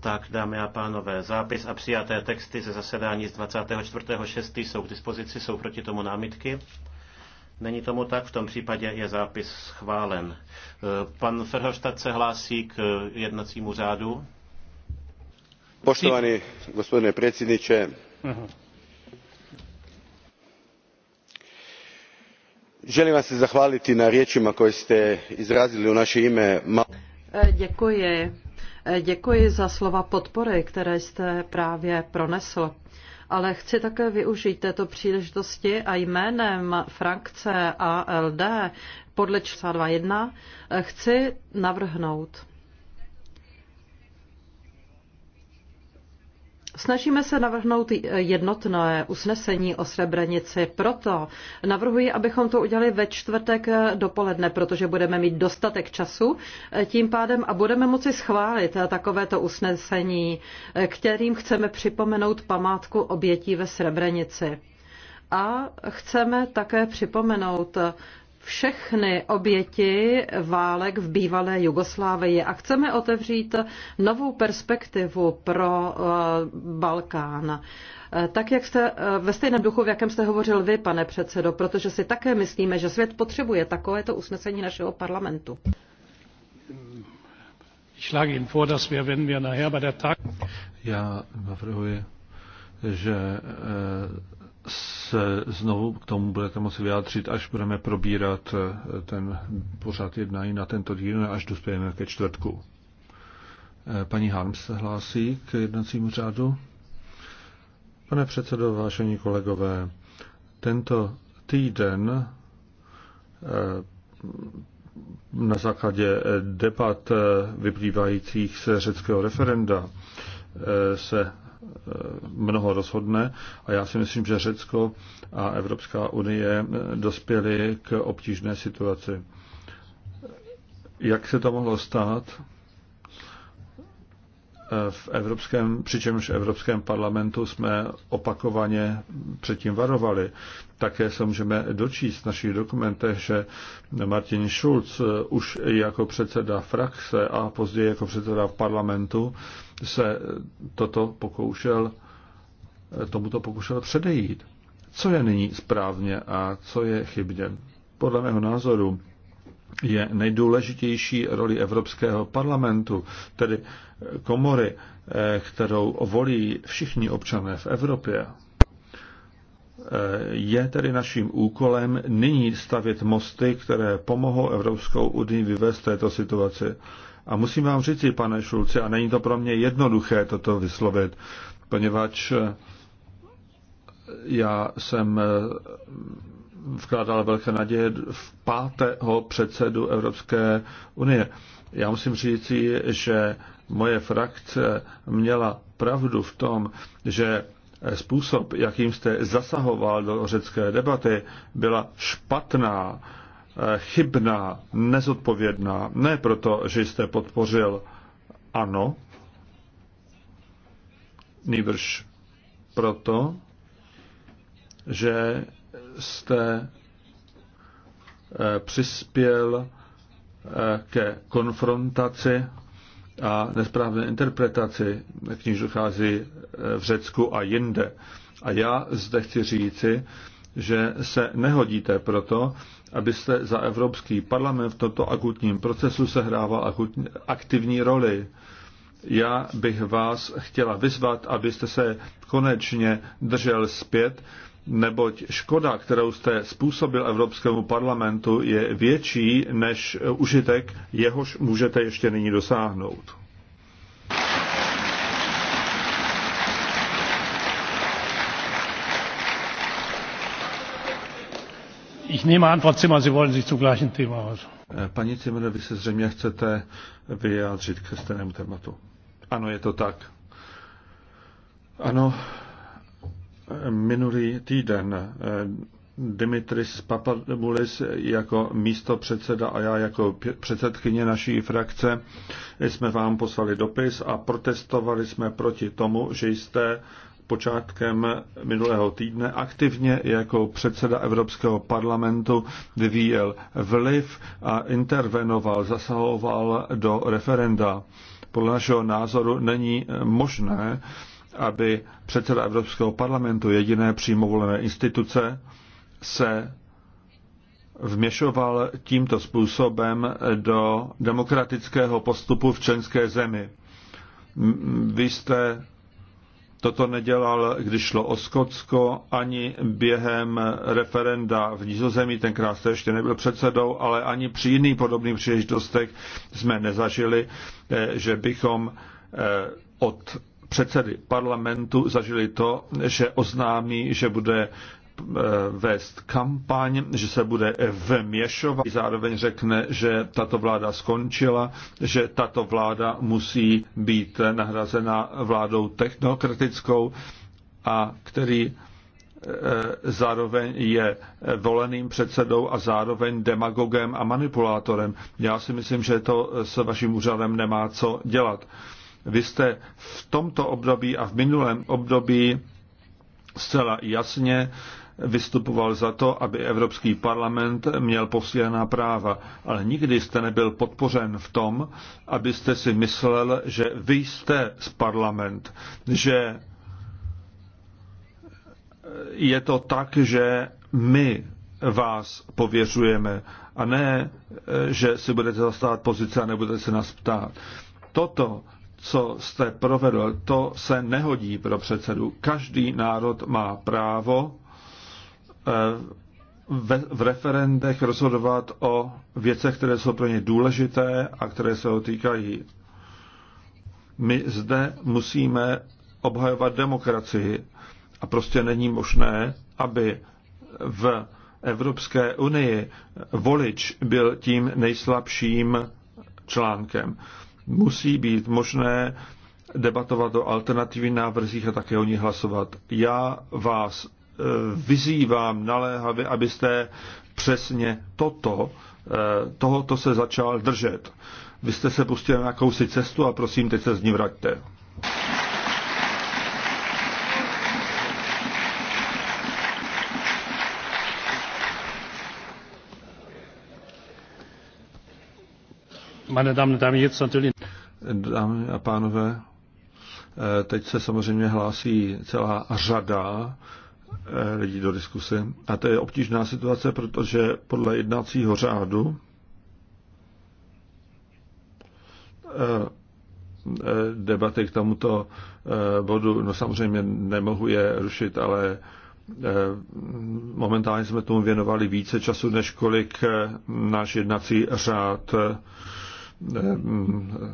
Tak, dámy a pánové, zápis a přijaté texty ze zasedání z 24.6. jsou k dispozici, jsou proti tomu námitky? Není tomu tak, v tom případě je zápis schválen. Eh, pan Ferhoštad se hlásí k eh, jednacímu řádu. Poštovaný gospodine predsjedniče, želim vam se zahvaliti na riječima koje ste izrazili u naše ime. Děkuji. Děkuji za slova podpory, které jste právě pronesl. Ale chci také využít této příležitosti a jménem frakce ALD podle 62.1 chci navrhnout Snažíme se navrhnout jednotné usnesení o Srebrenici, proto navrhuji, abychom to udělali ve čtvrtek dopoledne, protože budeme mít dostatek času tím pádem a budeme moci schválit takovéto usnesení, kterým chceme připomenout památku obětí ve Srebrenici. A chceme také připomenout všechny oběti válek v bývalé Jugoslávii a chceme otevřít novou perspektivu pro eh, Balkán. Eh, tak, jak jste eh, ve stejném duchu, v jakém jste hovořil vy, pane předsedo, protože si také myslíme, že svět potřebuje takovéto usnesení našeho parlamentu. Já navrhuji, že se znovu k tomu budete moci vyjádřit, až budeme probírat eh, ten pořád jednání na tento díl, no, až dospějeme ke čtvrtku. Eh, paní Harms se hlásí k jednacímu řádu. Pane předsedo, vážení kolegové, tento týden eh, na základě debat vyplývajících se řeckého referenda se Eh, mnoho rozhodne a já si myslím, že Řecko a Evropská unie eh, dospěly k obtížné situaci. Jak se to mohlo stát? v Evropském, přičemž v Evropském parlamentu jsme opakovaně předtím varovali. Také se můžeme dočíst v našich dokumentech, že Martin Schulz už jako předseda frakce a později jako předseda v parlamentu se toto pokoušel, tomuto pokoušel předejít. Co je nyní správně a co je chybně? Podle mého názoru je nejdůležitější roli Evropského parlamentu, tedy komory, eh, kterou volí všichni občané v Evropě. Eh, je tedy naším úkolem nyní stavět mosty, které pomohou Evropskou unii vyvést této situaci. A musím vám říct, pane Šulci, a není to pro mě jednoduché toto vyslovit, poněvadž eh, já jsem eh, vkládal velké naděje v pátého předsedu Evropské unie. Já musím říct, že moje frakce měla pravdu v tom, že způsob, jakým jste zasahoval do řecké debaty, byla špatná, eh, chybná, nezodpovědná. Ne proto, že jste podpořil ano, nýbrž proto, že jste eh, přispěl eh, ke konfrontaci a nesprávné interpretaci, k níž dochází eh, v Řecku a jinde. A já zde chci říci, že se nehodíte proto, abyste za Evropský parlament v tomto akutním procesu sehrával aktivní roli. Já bych vás chtěla vyzvat, abyste se konečně držel zpět neboť škoda, kterou jste způsobil Evropskému parlamentu, je větší než užitek, jehož můžete ještě nyní dosáhnout. Ich nehme an, Frau Zimmer, Sie wollen sich zum gleichen Thema aus. Eh, paní Zimmer, vy se zřejmě chcete vyjádřit k stejnému tématu. Ano, je to tak. Ano, Minulý týden eh, Dimitris Papadopoulos jako místo předseda a já jako předsedkyně naší frakce jsme vám poslali dopis a protestovali jsme proti tomu, že jste počátkem minulého týdne aktivně jako předseda Evropského parlamentu vyvíjel vliv a intervenoval, zasahoval do referenda. Podle našeho názoru není možné, aby předseda Evropského parlamentu, jediné přímo volené instituce, se vměšoval tímto způsobem do demokratického postupu v členské zemi. Vy jste toto nedělal, když šlo o Skotsko, ani během referenda v Nizozemí, tenkrát jste ještě nebyl předsedou, ale ani při jiných podobných příležitostech jsme nezažili, eh, že bychom eh, od předsedy parlamentu zažili to, že oznámí, že bude e, vést kampaň, že se bude vměšovat. Zároveň řekne, že tato vláda skončila, že tato vláda musí být nahrazena vládou technokratickou a který e, zároveň je voleným předsedou a zároveň demagogem a manipulátorem. Já si myslím, že to s vaším úřadem nemá co dělat. Vy jste v tomto období a v minulém období zcela jasně vystupoval za to, aby Evropský parlament měl posílená práva, ale nikdy jste nebyl podpořen v tom, abyste si myslel, že vy jste z parlament, že je to tak, že my vás pověřujeme a ne, že si budete zastávat pozice a nebudete se nás ptát. Toto co jste provedl, to se nehodí pro předsedu. Každý národ má právo eh, v referendech rozhodovat o věcech, které jsou pro ně důležité a které se ho týkají. My zde musíme obhajovat demokracii a prostě není možné, aby v Evropské unii volič byl tím nejslabším článkem musí být možné debatovat o alternativních návrzích a také o nich hlasovat. Já vás e, vyzývám naléhavě, abyste přesně toto, e, tohoto se začal držet. Vy jste se pustil na jakousi cestu a prosím, teď se z ní vraťte. Meine Damen und Herren, jetzt natürlich Dámy a pánové, eh, teď se samozřejmě hlásí celá řada eh, lidí do diskuse. A to je obtížná situace, protože podle jednacího řádu eh, debaty k tomuto bodu, no samozřejmě nemohu je rušit, ale momentálně jsme tomu věnovali více času, než kolik náš jednací řád Eh,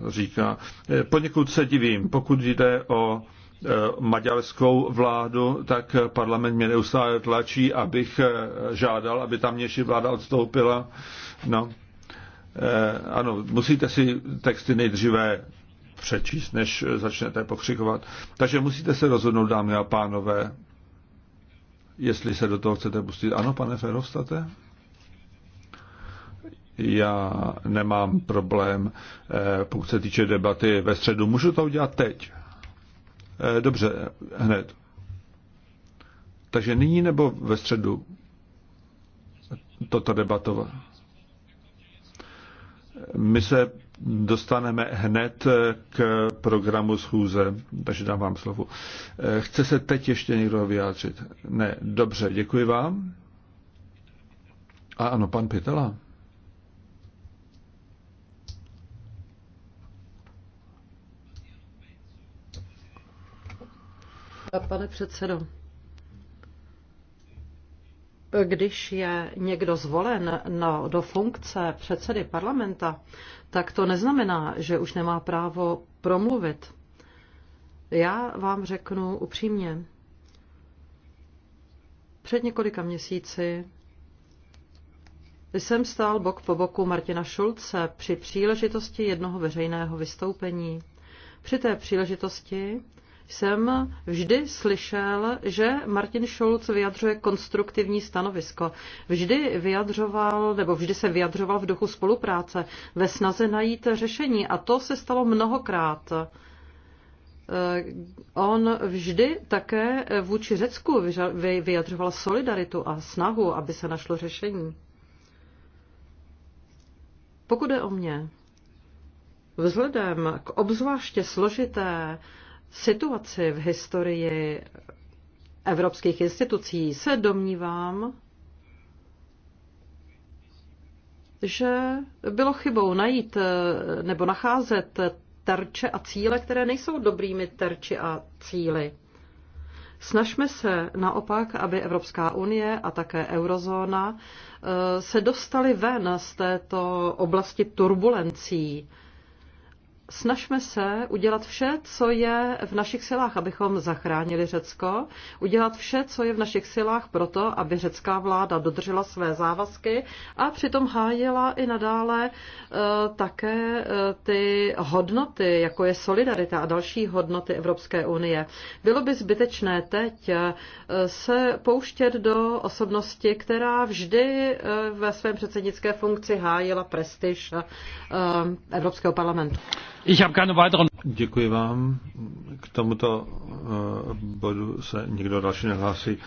říká. Eh, poněkud se divím, pokud jde o eh, maďarskou vládu, tak parlament mě neustále tlačí, abych žádal, aby tam nější vláda odstoupila. No, ano, musíte si texty nejdříve přečíst, než začnete pokřikovat. Takže musíte se rozhodnout, dámy a pánové, jestli se do toho chcete pustit. Ano, pane Ferovstate? Já nemám problém, eh, pokud se týče debaty ve středu. Můžu to udělat teď? Eh, dobře, hned. Takže nyní nebo ve středu toto debatovat? My se dostaneme hned eh, k programu schůze, takže dám vám slovo. Chce se teď ještě někdo vyjádřit? Ne, dobře, děkuji vám. A ano, pan Pitela. Pane předsedo, když je někdo zvolen na, do funkce předsedy parlamenta, tak to neznamená, že už nemá právo promluvit. Já vám řeknu upřímně. Před několika měsíci jsem stál bok po boku Martina Šulce při příležitosti jednoho veřejného vystoupení. Při té příležitosti jsem vždy slyšel, že Martin Schulz vyjadřuje konstruktivní stanovisko. Vždy vyjadřoval, nebo vždy se vyjadřoval v duchu spolupráce, ve snaze najít řešení. A to se stalo mnohokrát. Eh, on vždy také vůči Řecku vyjadřoval solidaritu a snahu, aby se našlo řešení. Pokud je o mě, vzhledem k obzvláště složité situaci v historii evropských institucí, se domnívám, že bylo chybou najít eh, nebo nacházet terče a cíle, které nejsou dobrými terči a cíly. Snažme se naopak, aby Evropská unie a také eurozóna eh, se dostali ven z této oblasti turbulencí, snažme se udělat vše, co je v našich silách, abychom zachránili Řecko, udělat vše, co je v našich silách proto, aby řecká vláda dodržela své závazky a přitom hájila i nadále eh, také eh, ty hodnoty, jako je solidarita a další hodnoty Evropské unie. Bylo by zbytečné teď eh, se pouštět do osobnosti, která vždy ve svém předsednické funkci hájila prestiž Evropského parlamentu. Ich habe keine weiteren... Děkuji vám. K tomuto eh, bodu se nikdo další nehlásí.